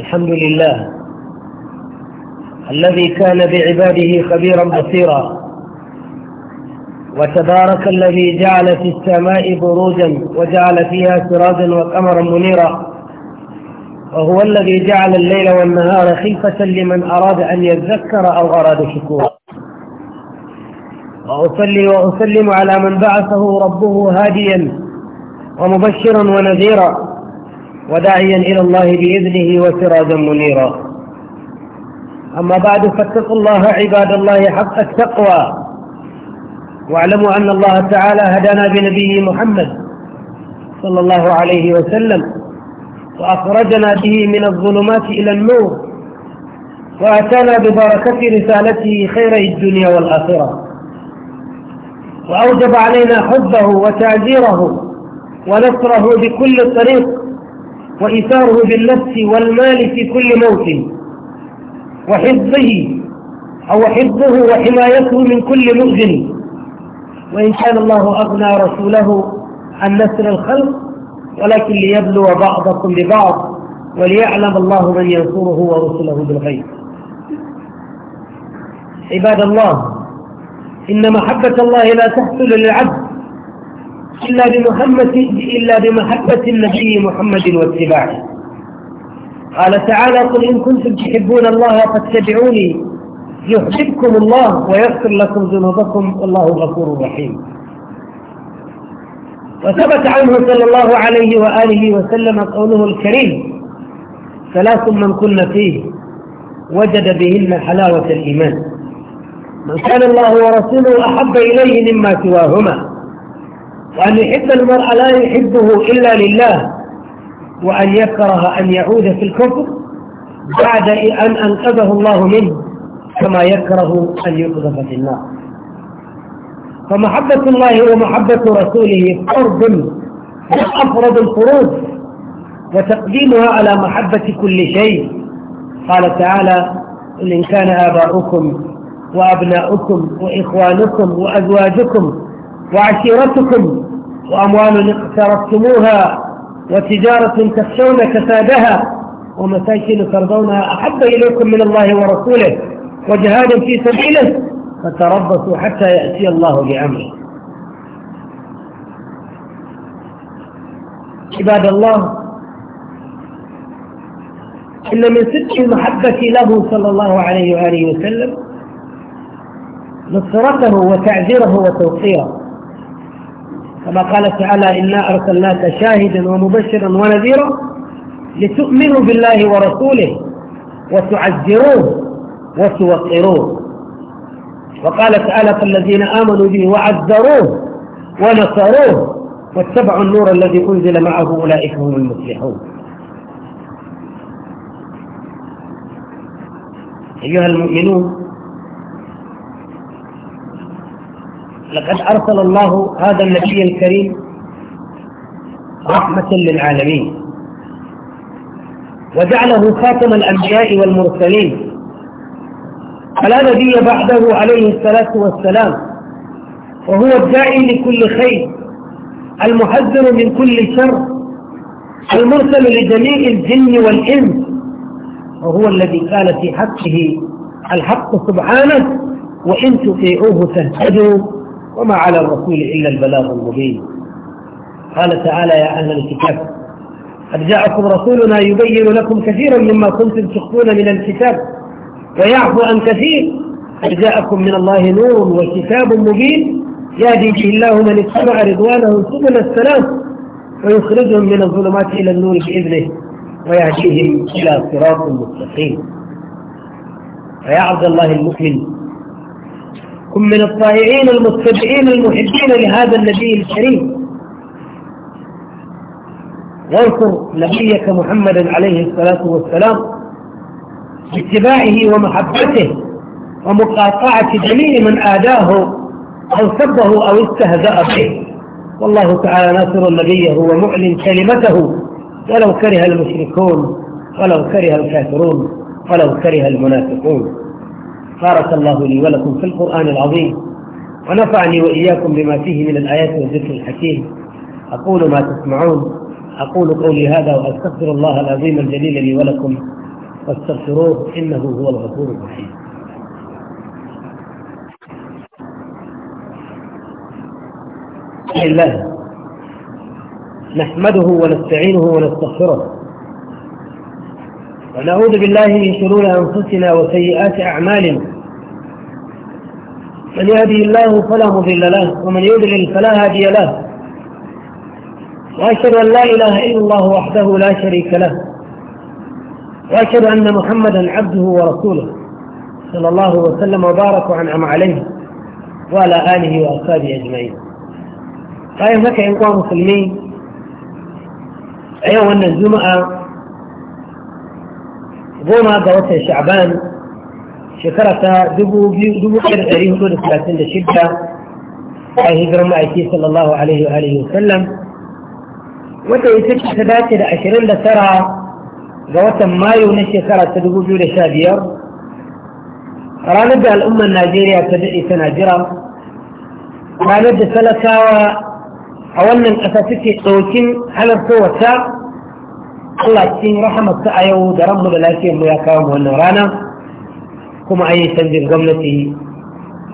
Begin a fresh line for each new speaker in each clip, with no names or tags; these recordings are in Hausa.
الحمد لله الذي كان بعباده خبيرا بصيرا وتبارك الذي جعل في السماء بروجا وجعل فيها سراجا وقمرا منيرا وهو الذي جعل الليل والنهار خلفة لمن أراد أن يذكر أو أراد شكورا وأصلي وأسلم على من بعثه ربه هاديا ومبشرا ونذيرا وداعيا إلى الله بإذنه وسراجا منيرا أما بعد فاتقوا الله عباد الله حق التقوى واعلموا أن الله تعالى هدانا بنبيه محمد صلى الله عليه وسلم وأخرجنا به من الظلمات إلى النور وأتانا ببركة رسالته خير الدنيا والآخرة وأوجب علينا حبه وتعزيره ونصره بكل طريق وإثاره بالنفس والمال في كل موطن وحفظه أو حفظه وحمايته من كل مؤذن وإن كان الله أغنى رسوله عن نسر الخلق ولكن ليبلو بعضكم ببعض وليعلم الله من ينصره ورسله بالغيب عباد الله إن محبة الله لا تحصل للعبد إلا بمحمد إلا بمحبة النبي محمد واتباعه قال تعالى قل إن كنتم تحبون الله فاتبعوني يحببكم الله ويغفر لكم ذنوبكم والله غفور رحيم وثبت عنه صلى الله عليه وآله وسلم قوله الكريم ثلاث من كن فيه وجد بهن حلاوة الإيمان من كان الله ورسوله أحب إليه مما سواهما وأن يحب المرء لا يحبه إلا لله وأن يكره أن يعود في الكفر بعد أن أنقذه الله منه كما يكره أن يقذف في النار فمحبة الله ومحبة رسوله فرض أفرض الفروض وتقديمها على محبة كل شيء قال تعالى إن كان آباؤكم وأبناؤكم وإخوانكم وأزواجكم وعشيرتكم وأموال اقترفتموها وتجارة تخشون كسادها ومساكن ترضونها أحب إليكم من الله ورسوله وجهاد في سبيله فتربصوا حتى يأتي الله بأمره عباد الله إن من ست المحبة له صلى الله عليه وآله وسلم نصرته وتعذيره وتوقيره كما قال تعالى إنا أرسلناك شاهدا ومبشرا ونذيرا لتؤمنوا بالله ورسوله وتعزروه وتوقروه وقال تعالى فالذين آمنوا به وعزروه ونصروه واتبعوا النور الذي أنزل معه أولئك هم المفلحون أيها المؤمنون لقد أرسل الله هذا النبي الكريم رحمة للعالمين وجعله خاتم الأنبياء والمرسلين فلا نبي بعده عليه الصلاة والسلام وهو الداعي لكل خير المحذر من كل شر المرسل لجميع الجن والإنس وهو الذي قال في حقه الحق سبحانه وإن تطيعوه تهتدوا وما على الرسول إلا البلاغ المبين قال تعالى يا أهل الكتاب قد جاءكم رسولنا يبين لكم كثيرا مما كنتم تخفون من الكتاب ويعفو عن كثير قد جاءكم من الله نور وكتاب مبين يهدي به الله من اتبع رضوانه سبل السلام ويخرجهم من الظلمات إلى النور بإذنه ويهديهم إلى صراط مستقيم فيا عبد الله المؤمن كن من الطائعين المتبعين المحبين لهذا النبي الكريم وانصر نبيك محمدا عليه الصلاة والسلام باتباعه ومحبته ومقاطعة جميع من آداه أو سبه أو استهزأ به والله تعالى ناصر نبيه ومعلن كلمته ولو كره المشركون ولو كره الكافرون ولو كره المنافقون بارك الله لي ولكم في القرآن العظيم ونفعني وإياكم بما فيه من الآيات والذكر الحكيم أقول ما تسمعون أقول قولي هذا وأستغفر الله العظيم الجليل لي ولكم فاستغفروه إنه هو الغفور الرحيم الله نحمده ونستعينه ونستغفره ونعوذ بالله من شرور أنفسنا وسيئات أعمالنا من يهدي الله فلا مضل له ومن يضلل فلا هادي له وأشهد أن لا إله إلا الله وحده لا شريك له وأشهد أن محمدا عبده ورسوله صلى الله وسلم وبارك وأنعم عليه وعلى آله وأصحابه أجمعين bayan haka ‘yan kwa musulmi a yau goma ga watan sha'ban shekara ta 2436 a hijirar ma'aiki sallallahu alaihi wa sallam wata ita ce ta dace da tara ga watan mayu na shekara ta 2015 ranar da al'ummar najeriya ta daɗe tana jira ranar da talakawa a wannan ƙasa suke ɗaukin halarta wata Allah cikin rahamarsa a yau da ranmu da lafiyar mu ya kawo mu wannan rana kuma an yi canjin gwamnati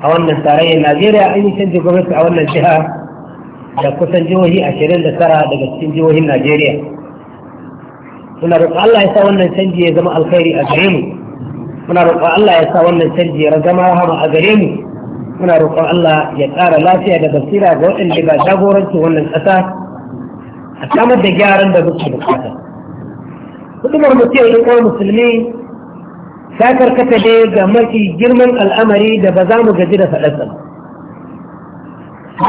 a wannan tarayyar Najeriya an yi canjin gwamnati a wannan jiha da kusan jihohi ashirin da tara daga cikin jihohin Najeriya. Muna roƙo Allah ya sa wannan canji ya zama alkhairi a gare mu. Muna roƙo Allah ya sa wannan canji ya zama rahama a gare mu. Muna roƙon Allah ya ƙara lafiya da basira ga waɗanda ga jagoranci wannan ƙasa a samar da gyaran da muke bukata. Hudumar mu ce ko musulmi ta karkata ne ga mafi girman al'amari da ba za mu gaji da faɗarsa ba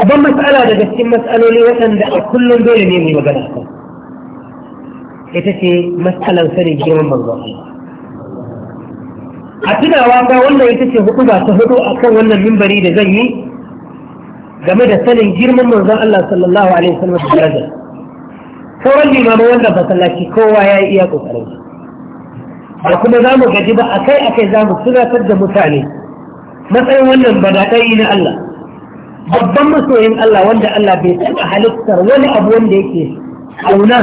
abin matsala daga cikin matsaloli waɗanda a kullum dole ne mai magana kan ita ce matsalar sani girman Allah. a tunawa ba wannan ita ce hudu ba ta hudu kan wannan mimbari da zan yi game da sanin girman manzon Allah sallallahu alaihi wasallam da darajar sauran limamai wanda masallaci kowa ya yi iya kokarin da kuma za mu gaji ba akai akai za mu tunatar da mutane matsayin wannan badaɗai na Allah babban masoyin Allah wanda Allah bai taɓa halittar wani abu wanda yake auna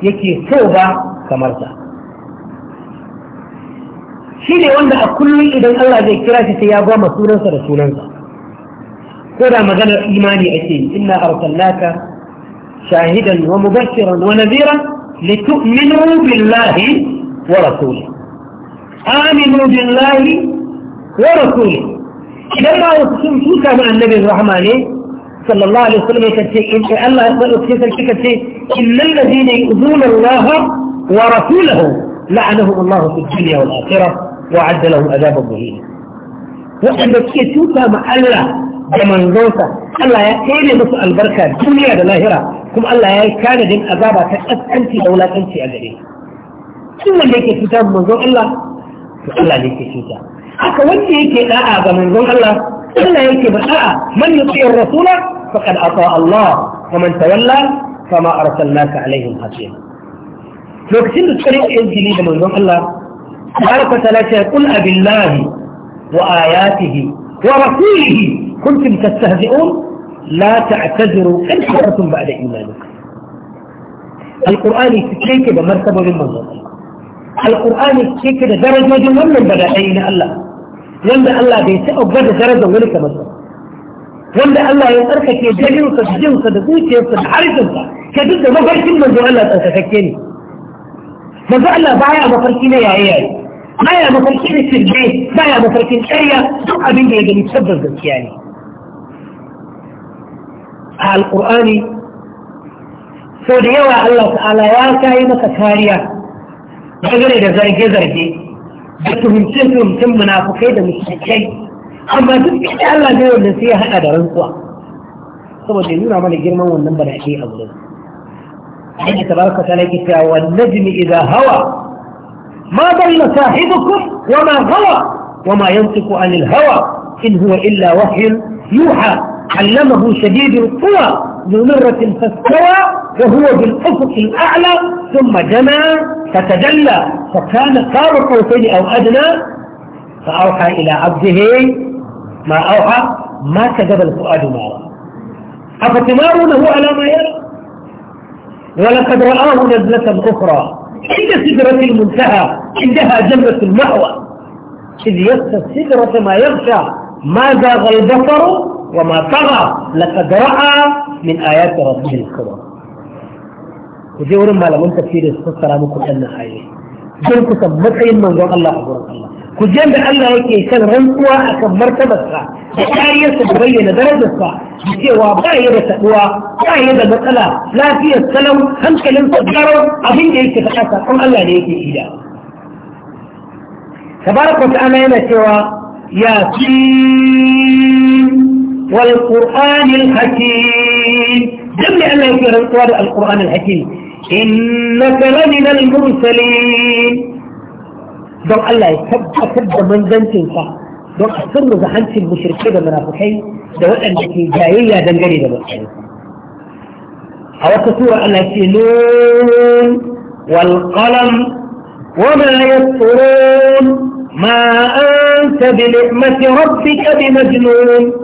yake so ba kamar sa shi ne wanda a kullum idan Allah zai kira shi sai ya goma sunansa da sunansa ko da maganar imani ake inna arsalnaka شاهدا ومبشرا ونذيرا لتؤمنوا بالله ورسوله آمنوا بالله ورسوله إذا ما وصلتم شوكا مع النبي الرحمن صلى الله عليه وسلم يكتب إن الله يقول يكتشي إن الذين يؤذون الله ورسوله لعنهم الله في الدنيا والآخرة وعد لهم عذابا مهينا وعندما تشوكا مع الله da manzonsa Allah ya tsere musu albarka duniya da lahira kuma Allah ya yi kanadin azaba ta kaskanci da wulakanci a gare duk wanda yake cuta manzon Allah to Allah ne yake cuta haka wanda yake da'a ga manzon Allah Allah yake ba da'a man yuti'ir rasula faqad ata Allah wa man tawalla fama arsalnaka alaihim hasiba lokacin da suka yi injili da manzon Allah tabaraka ta'ala ya qul abillahi wa ayatihi ورسوله كنتم تستهزئون لا تعتذروا ان كفرتم بعد ايمانكم القران كي كده مرتبه من منظر القران كي كده درجه دي من بدا حين الله من يلا الله بيسعى بدا درجه من كما يلا الله يترك كي جهل تسجيل صدقوه كي يصد حرج الله كده ما فرق من دو الله تتفكيني ما فعل الله بايا ما فرقين يا عيالي بايا ما فرقين في البيت بايا ما فرقين ايا دو عبيد يجب يتفضل ذلك يعني القرآن فديوا الله تعالى واكاي متكاريا غير ده زرق زرق بتهم سنتهم كم منافقين ده مش أما تبكي الله جاي ونسي هذا ده رزقوا طب دي الجرم والنمبر الحقيقي أبدا الله تبارك وتعالى كتاب والنجم إذا هوى ما بين صاحبكم وما هوى وما ينطق عن الهوى إن هو إلا وحي يوحى علمه شديد القوى ذو مرة فاستوى وهو بالأفق الأعلى ثم دنا فتدلى فكان قاب قوسين أو أدنى فأوحى إلى عبده ما أوحى ما كذب الفؤاد ما رأى أفتمارونه على ما يرى ولقد رآه نزلة أخرى عند سدرة المنتهى عندها جنة المأوى إذ يسى السدرة ما يغشى ماذا غلبطر وما ترى لقد راى من ايات ربه الكبرى وجي ورن مالا من تفسير السورة مكو جنة حاية جن كسب مسعين من ذو الله أبو الله كجن الله يكي كان رنقوا أكم مرتبة سا وكاية تبين درجة سا يكي وابايا تقوى وابايا مثلا لا في السلام هم كلم تدارو أهين يكي فتاسا قم الله يكي إياه تبارك وتعالى يا سيد والقرآن الحكيم جمع الله في القرآن القرآن الحكيم إنك لمن المرسلين دون الله يتبقى تبقى من ذنب الله دون أسر زحنت المشركين من أبو حي دون أنك جاهية دنجري دون أو تسورة على سنون والقلم وما يسطرون ما أنت بنعمة ربك بمجنون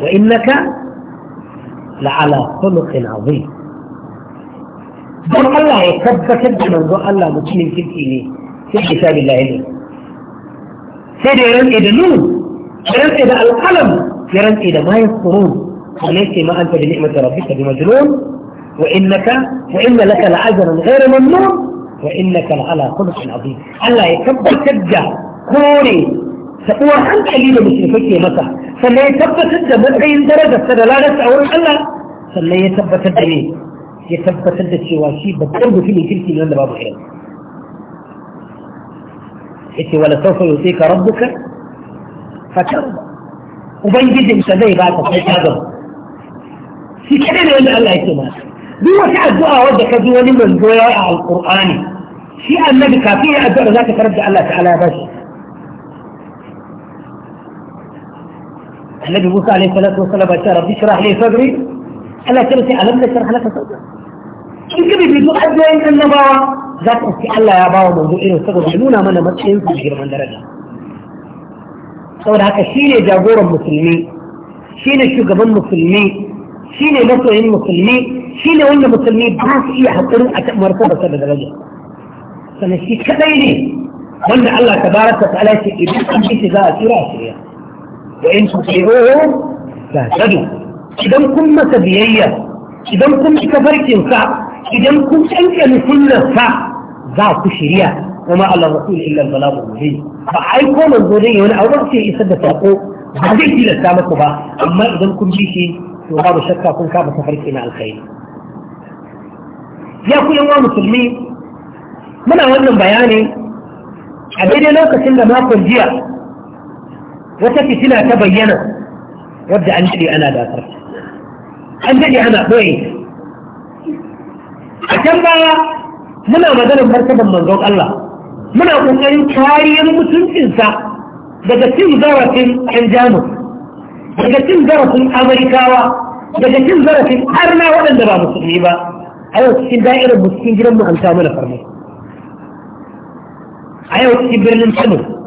وإنك لعلى خلق عظيم دون الله من دون الله مسلم في الدين في كتاب الله إليه سيدي يرن إذا نور يرن إذا القلم يرن إذا ما يذكرون وليس ما أنت بنعمة ربك بمجنون وإنك وإن لك لأجرا غير ممنون وإنك لعلى خلق عظيم الله يكبر كجة كوني taɓuwar hankali da musulmai ke masa sannan ya tabbatar da matsayin darajarsa da lalata a wurin Allah sannan ya tabbatar da ne ya tabbatar da cewa shi babban mutumin kirki ne wanda babu irin yace wala sawfa yusika rabbuka fatarda ubangijinka zai baka sai ka gaba shi kadai ne wanda Allah yake masa duk wata addu'a wadda ka ji wani manzo ya yi a alqur'ani shi annabi kafin ya addu'a zaka karanta Allah ta'ala ya bashi النبي موسى عليه الصلاة والسلام قال ربي اشرح لي صدري ألا ترسي ألم نشرح لك صدرك in kabe bai zo addu'o'in annabawa za ka ce Allah ya bawa manzo irin saboda nuna mana matsayin su girman daraja saboda haka shine jagoran musulmi shine shugaban musulmi shine masoyin musulmi shine wanda musulmi ba su iya haƙurin a taɓuwar sa da daraja sannan shi kaɗai ne wanda Allah tabaraka ta'ala ce idan an bi shi za a tsira a shirya وإن تطيعوه فاهتدوا إذا كن مسبيية إذا كن كفرت ينفع إذا كن أنت لكل سا ذاك شريعة وما على الرسول إلا البلاغ المبين فعايكو من ذولي هنا أول شيء يسد تاقو هذه هي لسامك بها أما إذا كن بيشي وبعض شكا كن كاب سفرت إلى الخير يا أخي الله مسلمين من wannan بياني a daidai lokacin ما makon وتكت لها تبين وابدا الذي انا لا اترك الذي انا بعيد إيه. عشان بقى منا ما زال مرتبا من زوج الله منا كنا إيه. يكاري المسلم انسى بدا تم زارة انجامه بدا تم زارة امريكاوة بدا تم زارة ارنا وانا نبقى أيوة، مسلمين ايو تسين دائرة المسلمين جرمو انتامنا فرمي ايو تسين برنا انتامنا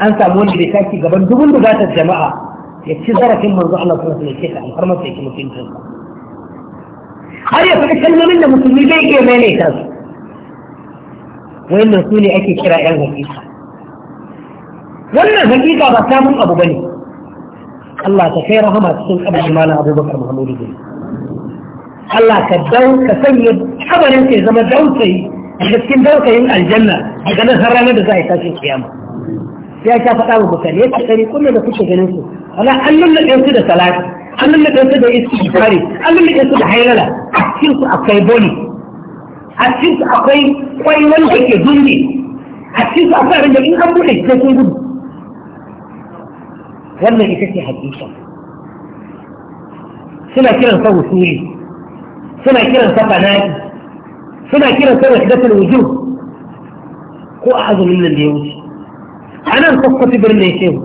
an samu wanda bai tashi gaban dubun bugatar jama'a ya ci zarafin manzo Allah sallallahu alaihi wasallam ya ce ka alfarmar sai ki mutuncin har ya faɗi kalmomin da musulmi bai iya maimaita su wannan su ne ake kira yan hakika wannan hakika ba samun abu bane Allah ta kai rahama cikin kabarin malam Abubakar Muhammadu bin Allah ka dau ka sanya kabarin sai zama dausayi a cikin daukayin aljanna daga nan har ranar da za a yi tashin kiyama ya sha faɗa wa mutane ya ce ɗari kullum da kuke ganin su wala an lullaɓe su da salati an lullaɓe su da iski bari an lullaɓe su da hairala a cikin su akwai boli a cikin su akwai kwai wanda ke zunge a cikin su akwai abin da in an buɗe sai sun gudu wannan ita ce hakika suna kiran sa wusuli suna kiran sa banaki suna kiran sa wahdatul wujud ko a azumin nan da ya wuce a nan kwakwata birnin shehu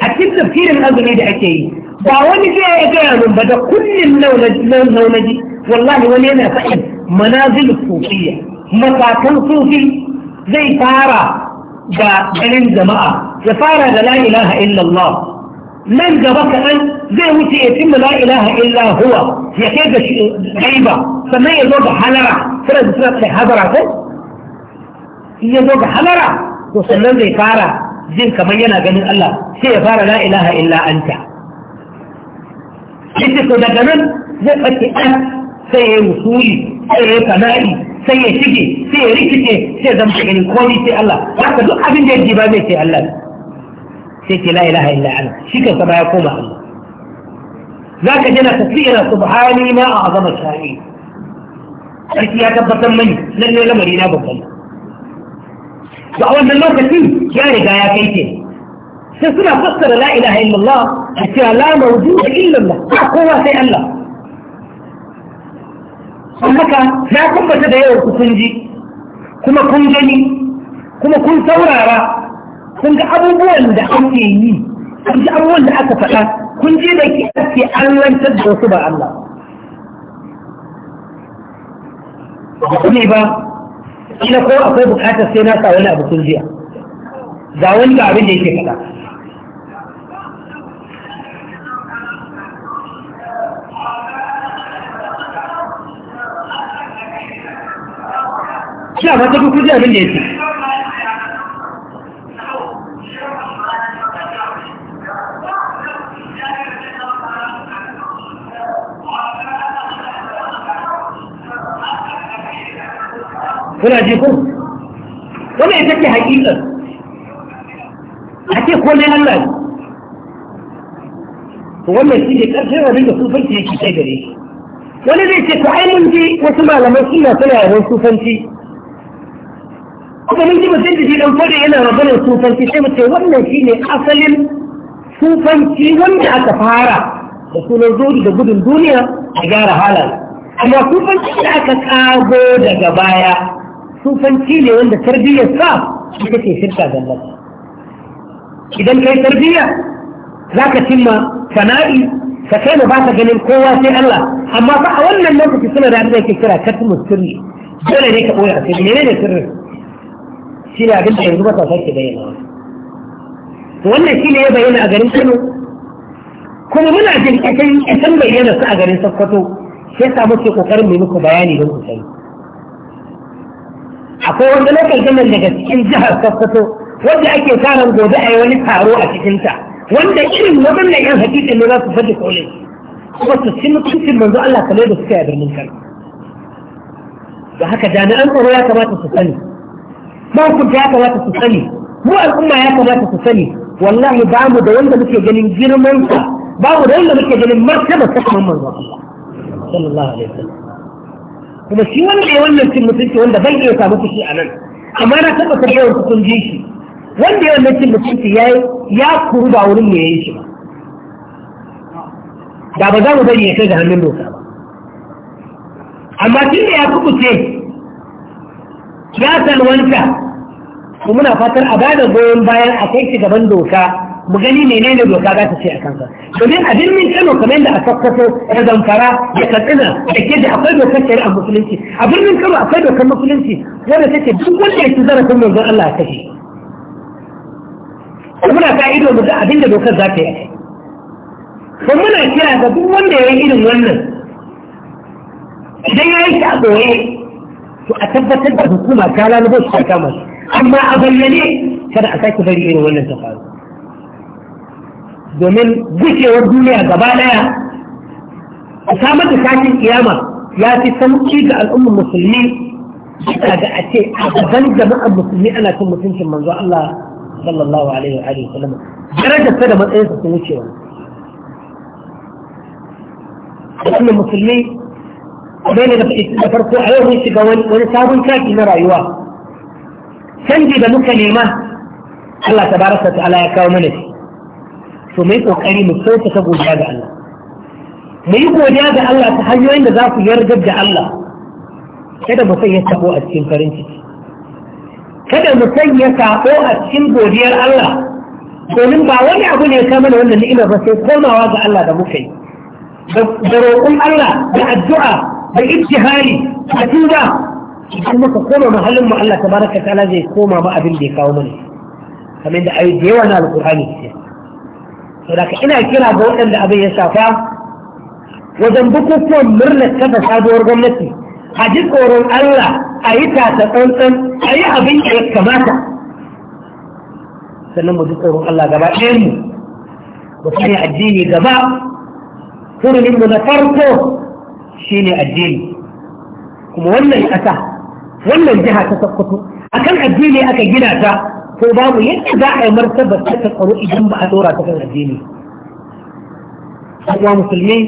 a cikin tafsirin azumi da ake yi ba wani zai ya gaya min ba da kullum launaji wallahi wani yana fa'in manazil sufiya matakan sufi zai fara da ganin jama'a ya fara da la ilaha illallah nan gaba kaɗan zai wuce ya cimma la ilaha illa huwa ya kai ga gaiba sannan ya zo ga halara suna da suna da hazara ko in ya zo ga halara to sannan zai fara jin kamar yana ganin Allah sai ya fara la ilaha illa anta shi ko daga nan zai ɓace an sai ya yi wusuli sai ya yi kana'i sai ya shige sai ya rikice sai ya zama ganin komai sai Allah haka duk abin da ya jiba ba sai Allah sai ke la ilaha illa ana shi kan sama ya koma Allah za ka jana tafiyar subhani ma a azama shari'i sarki ya tabbatar mani lalle lamari na babban to wannan lokacin ya riga ya kai ke sai suna fassara la ilaha illallah a cewa la illallah ba kowa sai Allah sun haka na tabbata da yawan kun ji kuma kun gani kuma kun saurara kun ga abubuwan da ake yi kun ji abubuwan da aka faɗa kun je da ke ake an da wasu ba Allah ba ba ina ko akwai bukatar sai na sa wani abu sun jiya ga wani ga abin da yake faɗa shi ba ta kuku abin da yake. kuna ji ko wannan ita ce haƙiƙar a ce komai Allah ne to wannan shi ne ƙarshen abin da sufanci yake kai gare shi wani zai ce to ai mun ji wasu malaman suna suna yawan sufanci kuma mun ji mutum da shi dan fada yana maganar sufanci sai mu ce wannan shi ne asalin sufanci wanda aka fara da sunan zuri da gudun duniya a gyara halar amma sufanci da aka kago daga baya سوفنتي اللي عنده تربية صعب شكتي شركة ذلك إذا كي تربية لا كتم فنائي فكان باتك من قوة الله أما فأولا الموت في سنة رابطة كترة كتم السرية جولة ليك قوية أسير من أين سر سيلا عبدا يجب أن تصيح بينا وأن سيلا يبين أغرين سنو كل من أجل أسمى ينسى أغرين سفقته سيسا مصيق قرم منك بياني من أسير حقول ده لك الجنة اللي قد انتهى قصته وده اكي سارا جودة ايوة نفها روحة انت وانت ايه المضم لك ان هكيت انه راس فدك عليك وبس السنة تكسر منذ الله تليد السابر من كان وهكذا ان انت ويا كما تسسني ما كنت يا كما تسسني مو الامة يا كما تسسني والله بعمل ده وانت بك يجنين جير منك بعمل ده وانت بك يجنين مرتبة تحمل منذ الله صلى الله عليه وسلم kuma shi wanda ya wannan cin mutunci wanda ban iya samu kushi a nan amma na taɓa karɓar kusan ji shi wanda ya wannan cin mutunci ya kuru ba wurin ya yi shi ba da ba za mu bari ya kai ga hannun doka ba amma shi da ya kukuce ya salwanta muna fatar a bada goyon bayan a kai shi gaban doka mu gani menene doka za ta ce a kansa domin a birnin kano kamar da a kakkaso da zamfara da katsina da ke da akwai dokar shari'ar musulunci a birnin kano akwai dokar musulunci wanda take duk wanda ya ci zarafin manzon Allah a kashe muna ka ido mu ga abin da dokar za ta yi kuma muna kira ga duk wanda ya yi irin wannan idan ya yi shi a ɓoye to a tabbatar da hukuma ta lalubo shi ta kama amma a bayyane kada a sake bari irin wannan ta faru domin gushewar duniya gaba daya a samar da sakin kiyama ya fi sauki ga al'ummar musulmi bisa ga a ce a gaban jama'ar musulmi ana cin mutuncin manzo Allah sallallahu alaihi wa alihi wasallam darajarsa da matsayinsa sun wuce wani al'ummar musulmi bai ne da fitin da farko a yau mun shiga wani sabon kaki na rayuwa canji da muka nema Allah tabaraka ta'ala ya kawo mana shi to mai kokari mu sauka ta godiya ga Allah mu yi godiya ga Allah ta hanyoyin da za ku yarda da Allah kada mu ya tabo a cikin farin ciki kada mu ya tabo a cikin godiyar Allah domin ba wani abu ne ka mana wannan ni'imar ba sai komawa ga Allah da muka yi da roƙon Allah da addu'a da ijtihari da tuba idan muka koma mahallin mu Allah tabaraka ta'ala zai koma ma abin da ya kawo mana kamar da ayi da yawa na alƙur'ani. ce saboda ina kira ga waɗanda abin ya shafa wajen bukukuwan murnar kafa sabuwar gwamnati a ji tsoron Allah a yi tasa tsantsan a yi abin da ya kamata sannan mu ji tsoron Allah gaba ɗayan mu mu sani addini gaba hurumin mu na farko shine addini kuma wannan ƙasa wannan jiha ta sakkwato akan addini aka gina ta ko babu yadda za a yi martabar ta tsaro idan ba a dora ta kan addini kuma musulmi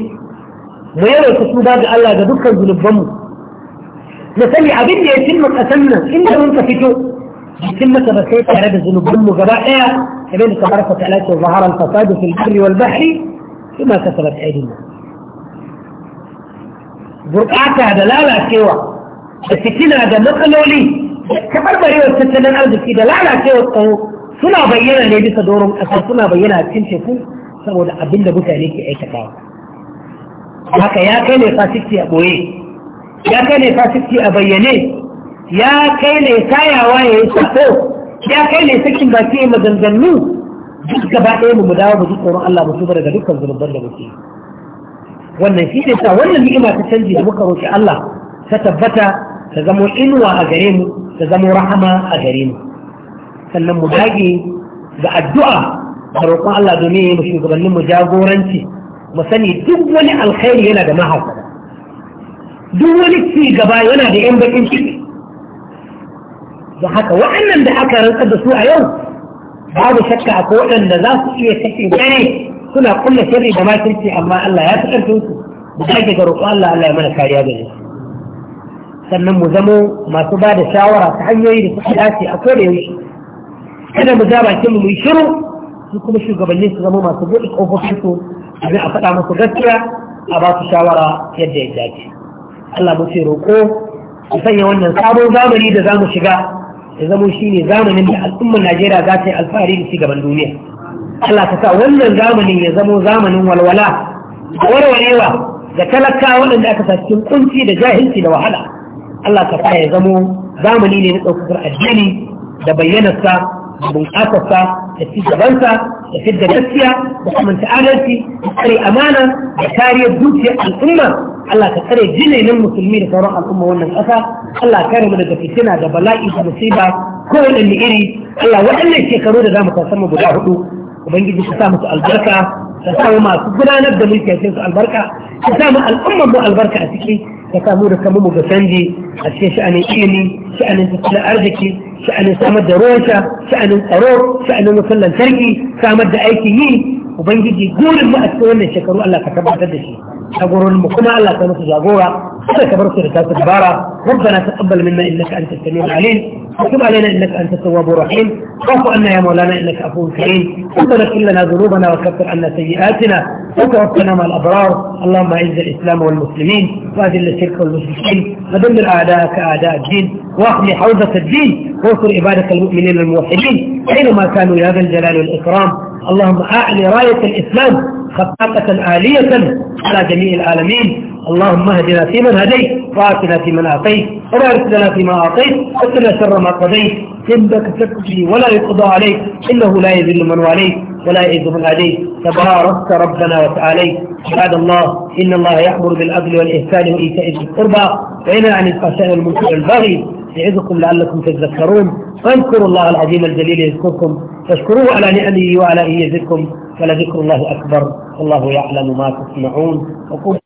mu yawa ta tuba ga Allah ga dukkan zunubanmu na sani abin da ya cimma kasan nan inda mun ka fito ya cimma ta ba sai tare da zunubanmu gaba ɗaya kamar da kamar fata alaƙi wa zaharar fasadu fil barri wal bahri kuma kasarar aidin burƙata da lalacewa da fitina da matsaloli da kabarbarewar tattalin arziki da lalacewar tsaro suna bayyana ne bisa doron ƙasa suna bayyana cikin teku saboda abin da mutane ke aika aikatawa haka ya kai ne fasikci a ɓoye ya kai ne fasikci a bayyane ya kai ne tayawa ya yi sako ya kai ne sakin baki ya maganganu duk gaba ɗaya mu dawo mu ji tsoron Allah mu tuba daga dukkan zunubar da muke wannan shi ne sa wannan ni'ima ta canji da muka roƙi Allah ta tabbata ta zamo inuwa a gare mu ta zama rahama a gare mu sannan mu dage ga addu'a da roƙon Allah domin ya yi shugabannin mu jagoranci mu sani duk wani alkhairi yana da mahaukata duk wani ci gaba yana da yan bakin ciki da haka waɗannan da aka rantsar da su a yau babu shakka a waɗanda za su iya kashe gane suna kulla sirri da makirci amma Allah ya fi ƙarfin su mu dage ga roƙon Allah Allah ya mana kariya da su sannan mu zamo masu ba da shawara ta hanyoyi da suka dace a da yaushe
kada mu ja bakin
mu yi shiru su kuma shugabanni su zama masu buɗe ƙofofin su abin a faɗa musu gaskiya a ba su shawara yadda ya dace Allah mu ce roƙo sanya wannan sabon zamani da zamu shiga ya zamo shine zamanin da al'ummar Najeriya za ta yi alfahari da gaban duniya Allah ka sa wannan zamanin ya zamo zamanin walwala warwarewa ga talakawa waɗanda aka sa cikin kunci da jahilci da wahala Allah ka sa ya zamo zamani ne na ɗaukakar addini da bayyanarsa da bunƙasarsa da ci gabansa da fidda gaskiya da kamanta adalci da tsare amana da kariyar dukiyar al'umma Allah ka tsare jinainin musulmi da sauran al'umma wannan ƙasa Allah ka kare mu daga fitina da bala'i da musiba ko wani iri Allah waɗannan shekaru da zamu kasan mu guda hudu ubangiji ka sa musu albarka ka sa masu gudanar da mulki su albarka ka sa mu al'umman mu albarka a ciki ka samu da kamun mu ga canji a cikin sha'anin ilimi sha'anin tattalin arziki شأن سأمد روشة شأن القرور شأن مثلا الفرقي سأمد أيكيين وبنجي يقول ما أتوانا شكروا الله كتبع تدشي أقول المقنع الله كنت جاغورا هذا كبر سيرة تبارا ربنا تقبل منا إنك أنت السميع العليم وكب علينا إنك أنت التواب الرحيم خاف أن يا مولانا إنك أفو كريم ربنا كلنا ذنوبنا وكفر عنا سيئاتنا وتوفنا مع الأبرار اللهم أعز الإسلام والمسلمين وأذل الشرك والمشركين ودمر أعداءك أعداء الدين وأخلي حوزة الدين واذكر عبادك المؤمنين الموحدين حينما كانوا يا ذا الجلال والإكرام اللهم أعلي راية الإسلام خطاقة آلية على جميع العالمين اللهم اهدنا فيمن هديت وآتنا فيمن أعطيت وبارك لنا فيما أعطيت واتنا شر ما قضيت إنك تقضي ولا يقضى عليك إنه لا يذل من واليت ولا يعز من هديت تباركت ربنا وتعاليت عباد الله إن الله يأمر بالعدل والإحسان وإيتاء ذي القربى وينهى عن الفحشاء والمنكر والبغي يعظكم لعلكم تذكرون فاذكروا الله العظيم الجليل يذكركم فاشكروه على نعمه وعلى يزدكم ولذكر الله أكبر والله يعلم ما تصنعون